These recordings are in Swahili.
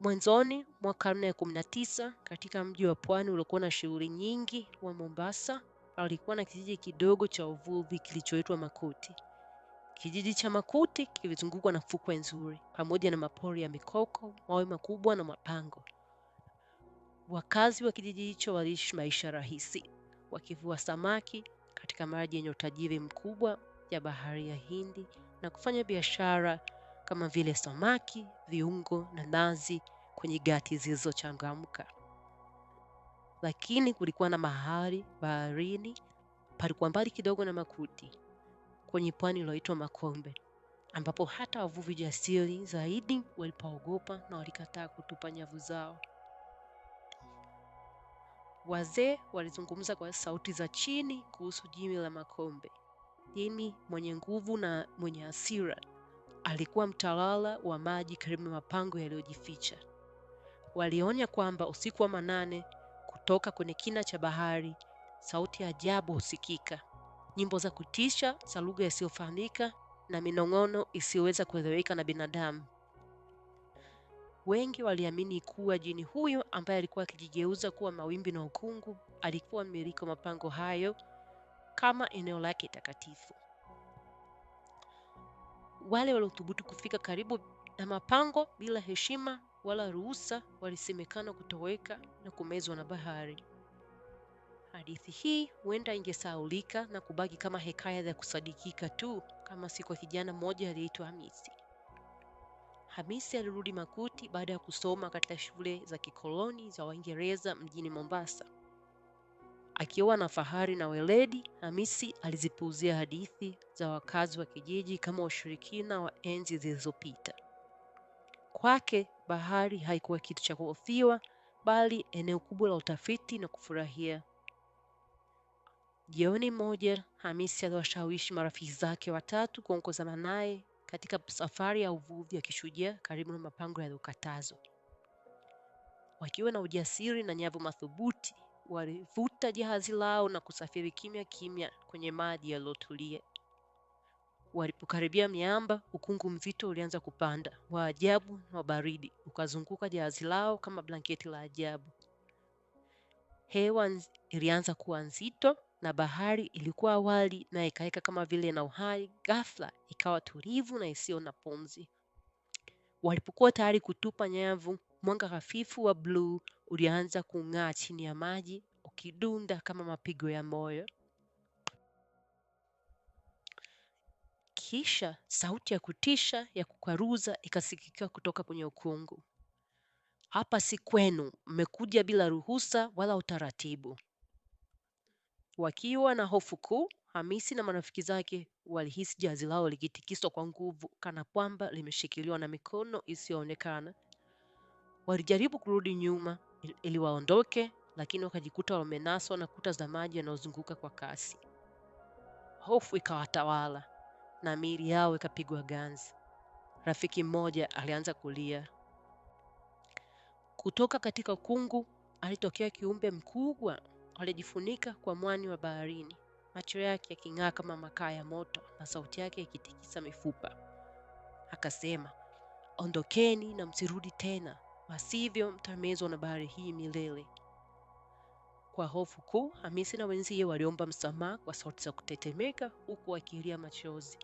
Mwanzoni mwa karne ya kumi na tisa katika mji wa pwani uliokuwa na shughuli nyingi wa Mombasa, palikuwa na kijiji kidogo cha uvuvi kilichoitwa Makuti. Kijiji cha Makuti kilizungukwa na fukwe nzuri pamoja na mapori ya mikoko, mawe makubwa na mapango. Wakazi wa kijiji hicho waliishi maisha rahisi, wakivua samaki katika maji yenye utajiri mkubwa ya bahari ya Hindi na kufanya biashara kama vile samaki, viungo na nazi kwenye gati zilizochangamka. Lakini kulikuwa na mahali baharini, palikuwa mbali kidogo na Makuti, kwenye pwani iliyoitwa Makombe, ambapo hata wavuvi jasiri zaidi walipaogopa na walikataa kutupa nyavu zao. Wazee walizungumza kwa sauti za chini kuhusu jimi la Makombe, jini mwenye nguvu na mwenye hasira alikuwa mtawala wa maji karibu na mapango yaliyojificha. Walionya kwamba usiku wa manane, kutoka kwenye kina cha bahari, sauti ya ajabu husikika, nyimbo za kutisha za lugha isiyofahamika na minong'ono isiyoweza kueleweka na binadamu. Wengi waliamini kuwa jini huyo ambaye alikuwa akijigeuza kuwa mawimbi na ukungu alikuwa mmiliki wa mapango hayo kama eneo lake takatifu. Wale waliothubutu kufika karibu na mapango bila heshima wala ruhusa walisemekana kutoweka na kumezwa na bahari. Hadithi hii huenda ingesahaulika na kubaki kama hekaya za kusadikika tu kama si kwa kijana mmoja aliyeitwa Hamisi. Hamisi alirudi Makuti baada ya kusoma katika shule za kikoloni za Waingereza mjini Mombasa. Akiwa na fahari na weledi, Hamisi alizipuuzia hadithi za wakazi wa kijiji kama ushirikina wa enzi zilizopita. Kwake bahari haikuwa kitu cha kuhofiwa, bali eneo kubwa la utafiti na kufurahia. Jioni moja, Hamisi aliwashawishi marafiki zake watatu kuongozana naye katika safari ya uvuvi ya kishujaa karibu na mapango yaliyokatazwa. Wakiwa na ujasiri na nyavu madhubuti, walivuta jahazi lao na kusafiri kimya kimya kwenye maji yaliyotulia. Walipokaribia miamba, ukungu mzito ulianza kupanda, wa ajabu na wa baridi, ukazunguka jahazi lao kama blanketi la ajabu. Hewa ilianza kuwa nzito na bahari ilikuwa awali na ikaeka kama vile na uhai, ghafla ikawa tulivu na isiyo na pumzi. Walipokuwa tayari kutupa nyavu, Mwanga hafifu wa bluu ulianza kung'aa chini ya maji ukidunda kama mapigo ya moyo. Kisha sauti ya kutisha ya kukwaruza ikasikika kutoka kwenye ukungu. Hapa si kwenu, mmekuja bila ruhusa wala utaratibu. Wakiwa na hofu kuu, Hamisi na marafiki zake walihisi jazi lao likitikiswa kwa nguvu kana kwamba limeshikiliwa na mikono isiyoonekana. Walijaribu kurudi nyuma ili waondoke, lakini wakajikuta wamenaswa na kuta za maji yanayozunguka kwa kasi. Hofu ikawatawala na miili yao ikapigwa ganzi. Rafiki mmoja alianza kulia. Kutoka katika ukungu alitokea kiumbe mkubwa aliyejifunika kwa mwani wa baharini, macho yake yaking'aa kama makaa ya moto na sauti yake ikitikisa mifupa. Akasema, ondokeni na msirudi tena, wasivyo mtamezwa na bahari hii milele. Kwa hofu kuu, Hamisi na wenzie waliomba msamaha kwa sauti za kutetemeka, huku wakilia machozi.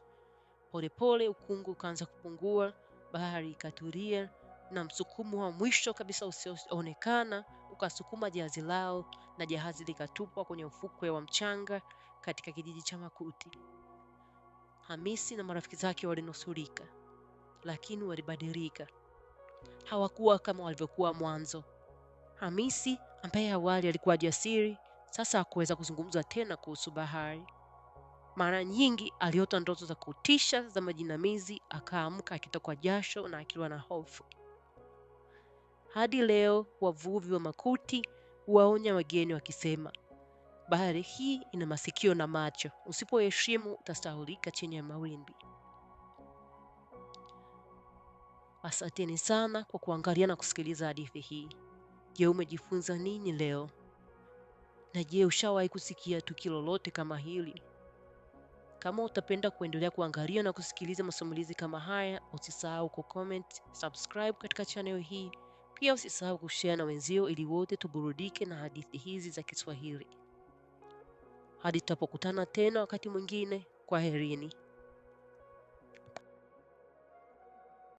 Polepole ukungu ukaanza kupungua, bahari ikatulia, na msukumo wa mwisho kabisa usioonekana ukasukuma jahazi lao, na jahazi likatupwa kwenye ufukwe wa mchanga katika kijiji cha Makuti. Hamisi na marafiki zake walinusurika, lakini walibadilika hawakuwa kama walivyokuwa mwanzo. Hamisi ambaye awali alikuwa jasiri, sasa hakuweza kuzungumza tena kuhusu bahari. Mara nyingi aliota ndoto za kutisha za majinamizi, akaamka akitokwa jasho na akiwa na hofu. Hadi leo wavuvi wa makuti waonya wageni wakisema, bahari hii ina masikio na macho, usipoheshimu utastahulika chini ya mawimbi. Asanteni sana kwa kuangalia na kusikiliza hadithi hii. Je, umejifunza nini leo? Na je, ushawahi kusikia tukio lolote kama hili? Kama utapenda kuendelea kuangalia na kusikiliza masimulizi kama haya, usisahau comment, subscribe katika channel hii. Pia usisahau kushare na wenzio ili wote tuburudike na hadithi hizi za Kiswahili. Hadi tutapokutana tena wakati mwingine, kwaherini.